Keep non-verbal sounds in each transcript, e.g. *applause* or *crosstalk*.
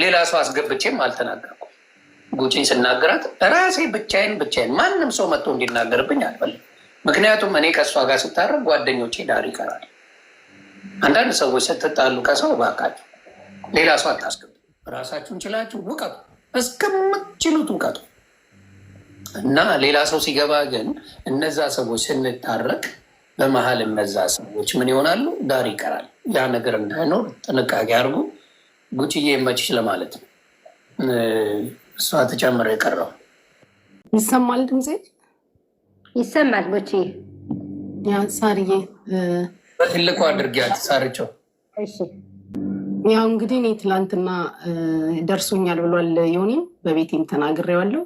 ሌላ ሰው አስገብቼም አልተናገርኩ። ጉጪን ስናገራት ራሴ ብቻዬን ብቻዬን ማንም ሰው መጥቶ እንዲናገርብኝ አልፈልግም። ምክንያቱም እኔ ከእሷ ጋር ስታረግ ጓደኞቼ ዳር ይቀራል። አንዳንድ ሰዎች ስትጣሉ ከሰው እባካችሁ ሌላ ሰው አታስገቡ፣ ራሳችሁን ችላችሁ ውቀቱ፣ እስከምትችሉት ውቀቱ እና ሌላ ሰው ሲገባ ግን እነዛ ሰዎች ስንታረቅ በመሀል እነዛ ሰዎች ምን ይሆናሉ? ዳር ይቀራል። ያ ነገር እንዳይኖር ጥንቃቄ አድርጉ። ጉጭዬ መችሽ ለማለት ነው። እሷ ተጨምረ የቀረው ይሰማል፣ ድምፄ ይሰማል። ጉቺ ያ ሳርዬ በትልቁ አድርጊያት ሳርቸው። ያው እንግዲህ እኔ ትላንትና ደርሶኛል ብሏል ዮኒም በቤቴም ተናግሬዋለሁ።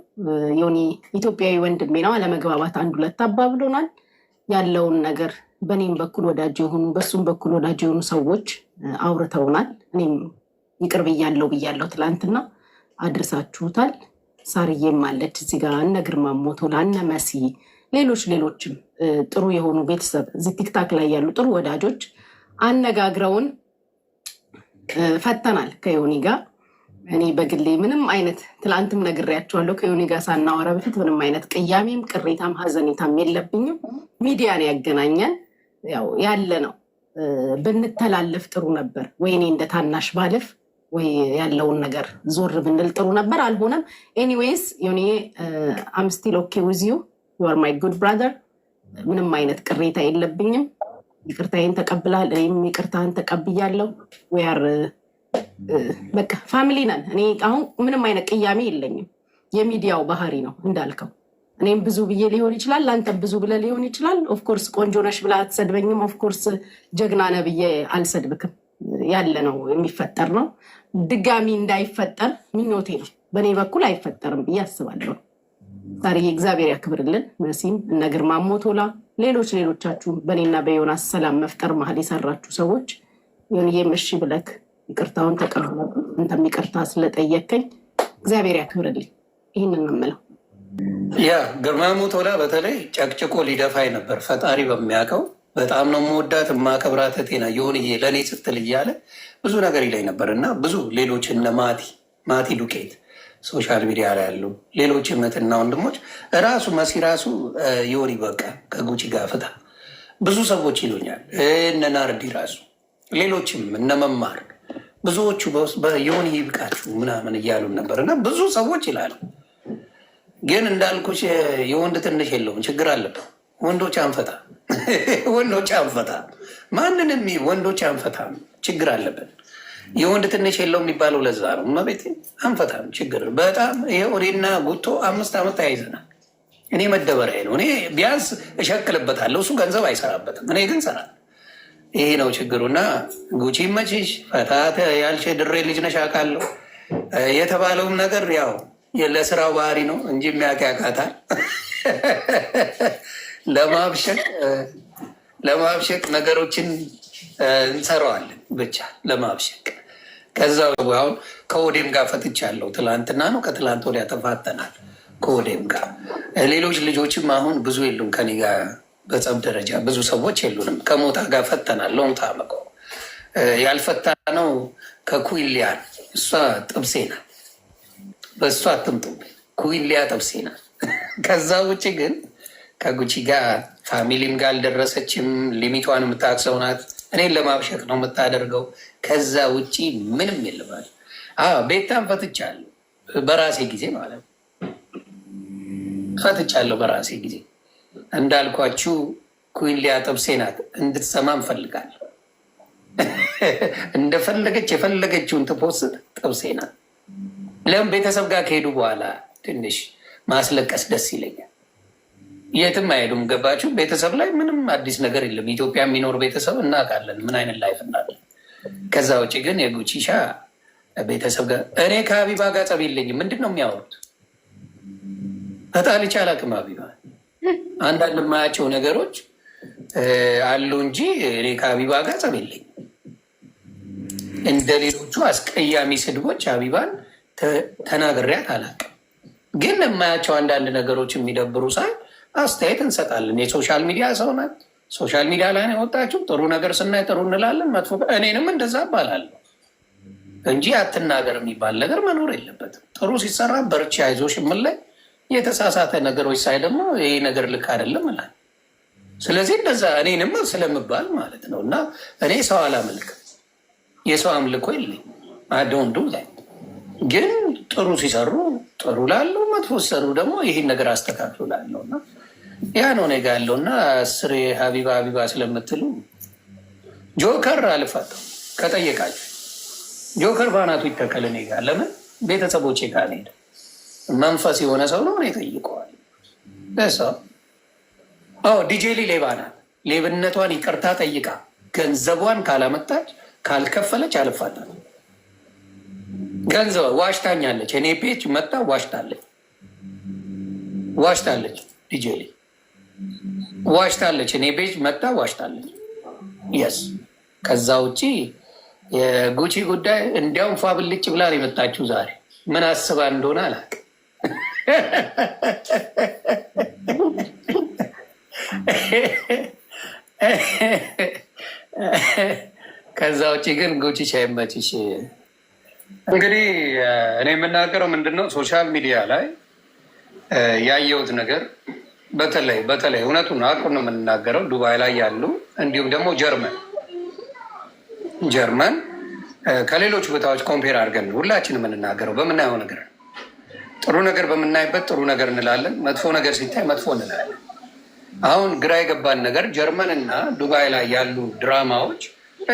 ዮኒ ኢትዮጵያዊ ወንድሜ ነው። አለመግባባት አንድ ሁለት አባብሎናል። ያለውን ነገር በእኔም በኩል ወዳጅ የሆኑ በእሱም በኩል ወዳጅ የሆኑ ሰዎች አውርተውናል። እኔም ይቅር ብያለው ብያለው ትላንትና አድርሳችሁታል። ሳርዬም አለች እዚህ ጋር እነ ግርማ ሞቶላ እነ መሲ ሌሎች ሌሎችም ጥሩ የሆኑ ቤተሰብ እዚህ ቲክታክ ላይ ያሉ ጥሩ ወዳጆች አነጋግረውን ፈተናል ከዮኒ ጋር እኔ በግሌ ምንም አይነት ትላንትም ነግሬያቸዋለሁ። ከዮኒ ጋር ሳናወራ በፊት ምንም አይነት ቅያሜም ቅሬታም ሀዘኔታም የለብኝም። ሚዲያን ያገናኘን ያው ያለ ነው። ብንተላለፍ ጥሩ ነበር። ወይኔ እንደ ታናሽ ባለፍ ወይ ያለውን ነገር ዞር ብንል ጥሩ ነበር። አልሆነም። ኤኒዌይስ ዮኒ አምስቲል ኦኬ ዊዝ ዩ ዩ አር ማይ ጉድ ብራዘር። ምንም አይነት ቅሬታ የለብኝም። ይቅርታዬን ተቀብላል፣ እኔም ይቅርታህን ተቀብያለሁ። ወያር uh, uh, በቃ ፋሚሊ ነን። እኔ አሁን ምንም አይነት ቅያሜ የለኝም። የሚዲያው ባህሪ ነው እንዳልከው። እኔም ብዙ ብዬ ሊሆን ይችላል፣ ለአንተ ብዙ ብለ ሊሆን ይችላል። ኦፍኮርስ ቆንጆ ነሽ ብለ አትሰድበኝም። ኦፍኮርስ ጀግና ነ ብዬ አልሰድብክም። ያለ ነው የሚፈጠር ነው። ድጋሚ እንዳይፈጠር ምኞቴ ነው። በእኔ በኩል አይፈጠርም ብዬ አስባለሁ። ዛሬ እግዚአብሔር ያክብርልን። መሲም እነ ግርማ ሞቶላ፣ ሌሎች ሌሎቻችሁ በእኔና በዮናስ ሰላም መፍጠር መሀል የሰራችሁ ሰዎች ዮንዬም እሺ ብለክ ይቅርታውን ተቀብለ እንተም ይቅርታ ስለጠየከኝ እግዚአብሔር ያክብርልኝ። ይህን የምለው ያ ግርማ ሞቶላ በተለይ ጨቅጭቆ ሊደፋኝ ነበር። ፈጣሪ በሚያውቀው በጣም ነው መወዳት የማከብራት ቴና የሆንዬ ለእኔ ስትል እያለ ብዙ ነገር ይላይ ነበር እና ብዙ ሌሎች እነ ማቲ ማቲ ዱቄት ሶሻል ሚዲያ ላይ ያሉ ሌሎች እህትና ወንድሞች ራሱ መሲ ራሱ የወር በቃ ከጉቺ ጋር ፍታ ብዙ ሰዎች ይሉኛል። እነ ናርዲ ራሱ ሌሎችም እነ መማር ብዙዎቹ የሆን ይብቃችሁ ምናምን እያሉን ነበር እና ብዙ ሰዎች ይላሉ። ግን እንዳልኩሽ የወንድ ትንሽ የለውም ችግር አለበት። ወንዶች አንፈታ፣ ወንዶች አንፈታ፣ ማንንም *laughs* ወንዶች አንፈታም። ችግር አለብን። የወንድ ትንሽ የለው የሚባለው ለዛ ነው። እመቤቴ አንፈታም ችግር በጣም ይሄ እኔና ጉቶ አምስት ዓመት ተያይዘናል። እኔ መደበሪያ ነው። እኔ ቢያንስ እሸክልበታለሁ፣ እሱ ገንዘብ አይሰራበትም፣ እኔ ግን ሰራ ይሄ ነው ችግሩና ጉቺ መችሽ ፈታት ያልሽ ድሬ ልጅ ነሽ አውቃለሁ። የተባለውም ነገር ያው ለስራው ባህሪ ነው እንጂ የሚያውቅ ያውቃታል። ለማብሸቅ ነገሮችን እንሰራዋለን ብቻ ለማብሸቅ። ከዛ አሁን ከኦዴም ጋር ፈትቻለሁ። ትላንትና ነው ከትላንት ወዲያ ተፋተናል ከኦዴም ጋር። ሌሎች ልጆችም አሁን ብዙ የሉም ከኔ ጋር በጸብ ደረጃ ብዙ ሰዎች የሉንም። ከሞታ ጋር ፈተናል። ለውን ታመቀው ያልፈታ ነው ከኩይሊያ እሷ ጥብሴ ናት። በእሷ አትምጡ። ኩይሊያ ጥብሴ ናት። *laughs* ከዛ ውጭ ግን ከጉቺ ጋር ፋሚሊም ጋር አልደረሰችም። ሊሚቷን የምታውቅ ናት። እኔን ለማብሸቅ ነው የምታደርገው። ከዛ ውጭ ምንም የለባል። ቤታን ፈትቻለሁ በራሴ ጊዜ ማለት ነው። ፈትቻለሁ በራሴ ጊዜ እንዳልኳችሁ ኩን ሊያጠብሴ ናት እንድትሰማ እንፈልጋለሁ። እንደፈለገች የፈለገችውን ትፖስት ጠብሴ ናት። ለምን ቤተሰብ ጋር ከሄዱ በኋላ ትንሽ ማስለቀስ ደስ ይለኛል። የትም አይሄዱም። ገባችሁ? ቤተሰብ ላይ ምንም አዲስ ነገር የለም። ኢትዮጵያ የሚኖር ቤተሰብ እናውቃለን፣ ምን አይነት ላይፍ እናለን። ከዛ ውጭ ግን የጉቺሻ ቤተሰብ ጋር እኔ ከሀቢባ ጋር ጸብ የለኝም። ምንድን ነው የሚያወሩት? ተጣልቼ አላውቅም። ሀቢባ አንዳንድ የማያቸው ነገሮች አሉ እንጂ እኔ ከሀቢባ ጋር ጸብ የለኝም። እንደ ሌሎቹ አስቀያሚ ስድቦች ሀቢባን ተናግሬያት አላውቅም። ግን የማያቸው አንዳንድ ነገሮች የሚደብሩ ሳይ አስተያየት እንሰጣለን። የሶሻል ሚዲያ ሰው ናት። ሶሻል ሚዲያ ላይ የወጣችው ጥሩ ነገር ስናይ ጥሩ እንላለን፣ መጥፎ እኔንም እንደዛ እባላለሁ እንጂ አትናገር የሚባል ነገር መኖር የለበትም። ጥሩ ሲሰራ በርቺ፣ አይዞሽ የምን ላይ የተሳሳተ ነገሮች ሳይ ደግሞ ይህ ነገር ልክ አይደለም እላለሁ። ስለዚህ እንደዛ እኔንም ስለምባል ማለት ነው። እና እኔ ሰው አላመልክም፣ የሰው አምልኮ የለኝም። አዶንዱ ላይ ግን ጥሩ ሲሰሩ ጥሩ ላለው፣ መጥፎ ሲሰሩ ደግሞ ይህን ነገር አስተካክሉ ላለው እና ያ ነው እኔ ጋ ያለው እና አስሬ ሀቢባ ሀቢባ ስለምትሉ ጆከር አልፋታም ከጠየቃችሁ ጆከር ባናቱ ይተከል እኔ ጋ ለምን ቤተሰቦቼ ጋ ሄደ መንፈስ የሆነ ሰው ነው ይጠይቀዋል ሰው ዲጄሊ ሌባ ናት ሌብነቷን ይቅርታ ጠይቃ ገንዘቧን ካላመጣች ካልከፈለች አልፋታም ገንዘብ ዋሽታኛለች እኔ ፔች መጣ ዋሽታለች ዋሽታለች ዲጄሊ ዋሽታለች። እኔ ቤጅ መጣ ዋሽታለች። የስ ከዛ ውጭ የጉቺ ጉዳይ እንዲያውም ፋብልጭ ብላን ብላ ነው የመጣችው ዛሬ። ምን አስባ እንደሆነ አላውቅም። ከዛ ውጭ ግን ጉቺ ሻይመችሽ። እንግዲህ እኔ የምናገረው ምንድን ነው ሶሻል ሚዲያ ላይ ያየሁት ነገር በተለይ በተለይ እውነቱን አቁን ነው የምንናገረው። ዱባይ ላይ ያሉ እንዲሁም ደግሞ ጀርመን ጀርመን ከሌሎች ቦታዎች ኮምፔር አድርገን ሁላችን የምንናገረው በምናየው ነገር ጥሩ ነገር በምናይበት ጥሩ ነገር እንላለን፣ መጥፎ ነገር ሲታይ መጥፎ እንላለን። አሁን ግራ የገባን ነገር ጀርመን እና ዱባይ ላይ ያሉ ድራማዎች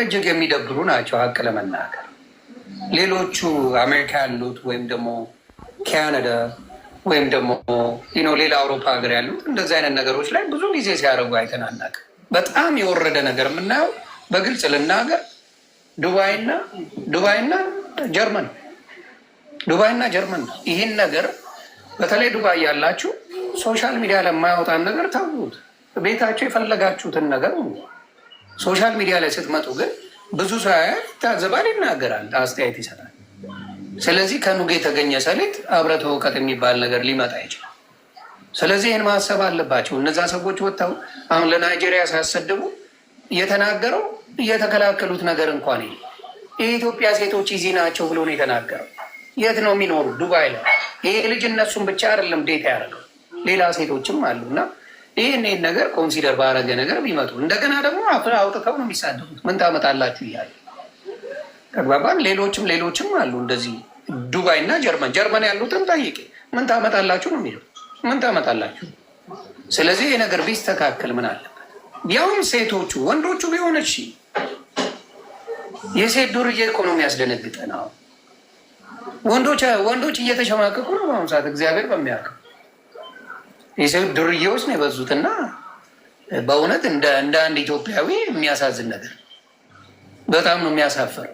እጅግ የሚደብሩ ናቸው፣ ሀቅ ለመናገር ሌሎቹ አሜሪካ ያሉት ወይም ደግሞ ካናዳ ወይም ደግሞ ሌላ አውሮፓ ሀገር ያሉት እንደዚህ አይነት ነገሮች ላይ ብዙ ጊዜ ሲያደርጉ አይተናናቅ። በጣም የወረደ ነገር የምናየው በግልጽ ልናገር፣ ዱባይና ዱባይና ጀርመን ዱባይና ጀርመን ይህን ነገር በተለይ ዱባይ ያላችሁ ሶሻል ሚዲያ ለማያወጣን ነገር ተውት። ቤታቸው የፈለጋችሁትን ነገር ሶሻል ሚዲያ ላይ ስትመጡ ግን ብዙ ሰው ይታዘባል፣ ይናገራል፣ አስተያየት ይሰጣል። ስለዚህ ከኑግ የተገኘ ሰሊጥ አብረተ እውቀት የሚባል ነገር ሊመጣ ይችላል። ስለዚህ ይህን ማሰብ አለባቸው። እነዛ ሰዎች ወጥተው አሁን ለናይጄሪያ ሲያሰድቡ የተናገረው እየተከላከሉት ነገር እንኳን ይ የኢትዮጵያ ሴቶች ይዚ ናቸው ብሎ ነው የተናገረው። የት ነው የሚኖሩ? ዱባይ ላይ። ይሄ ልጅ እነሱን ብቻ አይደለም ዴታ ያደርገው ሌላ ሴቶችም አሉ እና ይህን ነገር ኮንሲደር ባረገ ነገር ቢመጡ እንደገና ደግሞ አውጥተው ነው የሚሳደቡት። ምን ታመጣላችሁ እያለ ተግባባን። ሌሎችም ሌሎችም አሉ እንደዚህ ዱባይ እና ጀርመን ጀርመን ያሉትም ጠይቂ ምን ታመጣላችሁ ነው የሚለው ምን ታመጣላችሁ። ስለዚህ ይሄ ነገር ቢስተካከል ምን አለበት? ያውም ሴቶቹ ወንዶቹ ቢሆን እሺ፣ የሴት ዱርዬ እኮ ነው የሚያስደነግጠን። አሁን ወንዶች ወንዶች እየተሸማቀቁ ነው በአሁኑ ሰዓት እግዚአብሔር በሚያውቀው የሴት ዱርዬዎች ነው የበዙትና በእውነት እንደ አንድ ኢትዮጵያዊ የሚያሳዝን ነገር በጣም ነው የሚያሳፈር?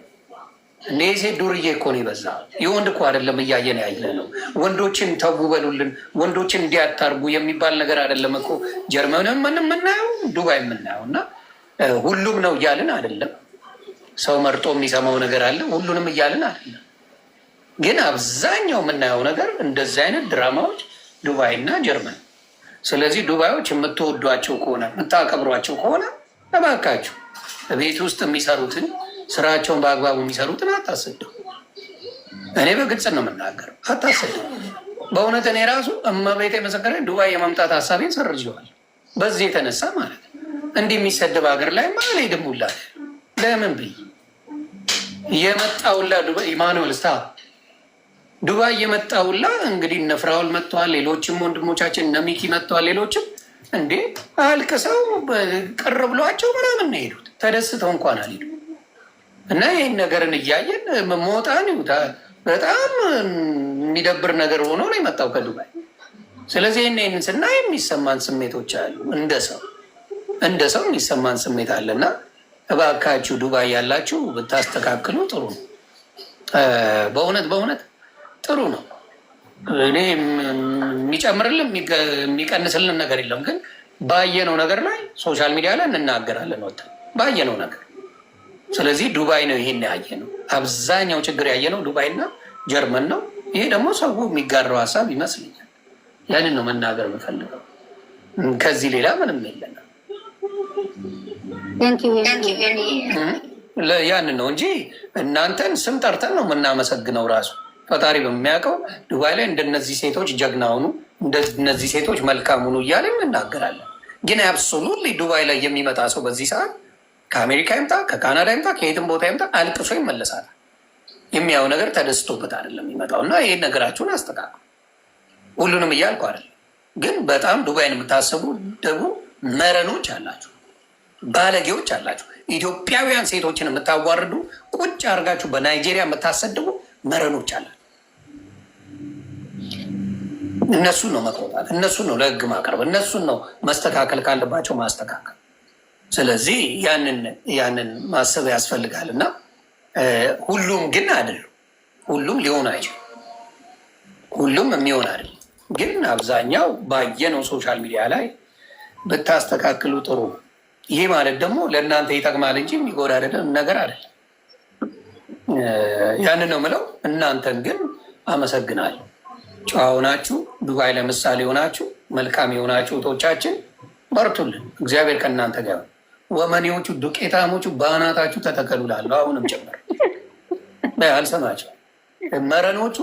እኔዜ ዱርዬ እኮ ነው ይበዛ የወንድ እኮ አይደለም እያየን ያለ ነው። ወንዶችን ተው በሉልን፣ ወንዶችን እንዲያታርጉ የሚባል ነገር አይደለም እኮ ጀርመንም ምን የምናየው ዱባይ የምናየው እና ሁሉም ነው እያልን አይደለም። ሰው መርጦ የሚሰማው ነገር አለ። ሁሉንም እያልን አይደለም። ግን አብዛኛው የምናየው ነገር እንደዚህ አይነት ድራማዎች ዱባይ እና ጀርመን። ስለዚህ ዱባዮች የምትወዷቸው ከሆነ የምታከብሯቸው ከሆነ እባካችሁ ቤት ውስጥ የሚሰሩትን ስራቸውን በአግባቡ የሚሰሩትን አታሰደው። እኔ በግልጽ ነው የምናገረው፣ አታሰደው። በእውነት እኔ ራሱ እመቤቴ መሰከረ ዱባይ የመምጣት ሀሳቤን ሰርዤዋል። በዚህ የተነሳ ማለት ነው እንዲህ የሚሰደብ ሀገር ላይ ማለ ድሙላ ለምን ብይ የመጣውላ ኢማኑኤል ስታ ዱባይ የመጣውላ እንግዲህ እነ ፍራውል መጥተዋል፣ ሌሎችም ወንድሞቻችን እነ ሚኪ መጥተዋል፣ ሌሎችም እንዴ አልቅሰው ቅር ብሏቸው ምናምን ነው የሄዱት። ተደስተው እንኳን አልሄዱ እና ይህን ነገርን እያየን መሞጣን በጣም የሚደብር ነገር ሆኖ ነው የመጣው ከዱባይ። ስለዚህ ይህን ስና የሚሰማን ስሜቶች አሉ። እንደ ሰው እንደ ሰው የሚሰማን ስሜት አለና እባካችሁ ዱባይ ያላችሁ ብታስተካክሉ ጥሩ ነው። በእውነት በእውነት ጥሩ ነው። እኔ የሚጨምርልን የሚቀንስልን ነገር የለም። ግን ባየነው ነገር ላይ ሶሻል ሚዲያ ላይ እንናገራለን። ወተን ባየነው ነገር ስለዚህ ዱባይ ነው ይሄን ያየ ነው። አብዛኛው ችግር ያየ ነው ዱባይና ጀርመን ነው። ይሄ ደግሞ ሰው የሚጋራው ሀሳብ ይመስለኛል። ያንን ነው መናገር የምፈልገው። ከዚህ ሌላ ምንም የለንም። ያንን ነው እንጂ እናንተን ስም ጠርተን ነው የምናመሰግነው። ራሱ ፈጣሪ በሚያውቀው ዱባይ ላይ እንደነዚህ ሴቶች ጀግና ሁኑ፣ እንደነዚህ ሴቶች መልካም ሁኑ እያለ እናገራለን። ግን አብሶሉትሊ ዱባይ ላይ የሚመጣ ሰው በዚህ ሰዓት ከአሜሪካ ይምጣ፣ ከካናዳ ይምጣ፣ ከየትም ቦታ ይምጣ አልቅሶ ይመለሳል። የሚያው ነገር ተደስቶበት አይደለም የሚመጣው እና ይህን ነገራችሁን አስተካክሉ። ሁሉንም እያልኩ አይደለም፣ ግን በጣም ዱባይን የምታስቡ ደግሞ መረኖች አላችሁ፣ ባለጌዎች አላችሁ። ኢትዮጵያውያን ሴቶችን የምታዋርዱ ቁጭ አድርጋችሁ በናይጄሪያ የምታሰድቡ መረኖች አላችሁ። እነሱን ነው መቆጣት፣ እነሱን ነው ለህግ ማቅረብ፣ እነሱን ነው መስተካከል ካለባቸው ማስተካከል ስለዚህ ያንን ማሰብ ያስፈልጋል እና ሁሉም ግን አይደሉ ሁሉም ሊሆን አይችልም። ሁሉም የሚሆን አይደለም። ግን አብዛኛው ባየነው ሶሻል ሚዲያ ላይ ብታስተካክሉ ጥሩ። ይህ ማለት ደግሞ ለእናንተ ይጠቅማል እንጂ የሚጎዳ አይደለም ነገር አይደለም። ያንን ነው ምለው እናንተን ግን አመሰግናል። ጨዋ ሆናችሁ ዱባይ ለምሳሌ ሆናችሁ መልካም የሆናችሁ እህቶቻችን በርቱልን። እግዚአብሔር ከእናንተ ጋር ወመኔዎቹ ዱቄታሞቹ በአናታችሁ ተተከሉላለሁ። አሁንም ጭምር አልሰማቸው መረኖቹ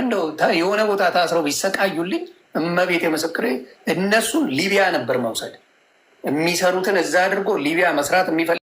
እንደው የሆነ ቦታ ታስረው ቢሰቃዩልኝ እመቤት የምስክሬ እነሱን ሊቢያ ነበር መውሰድ የሚሰሩትን እዛ አድርጎ ሊቢያ መስራት የሚፈልግ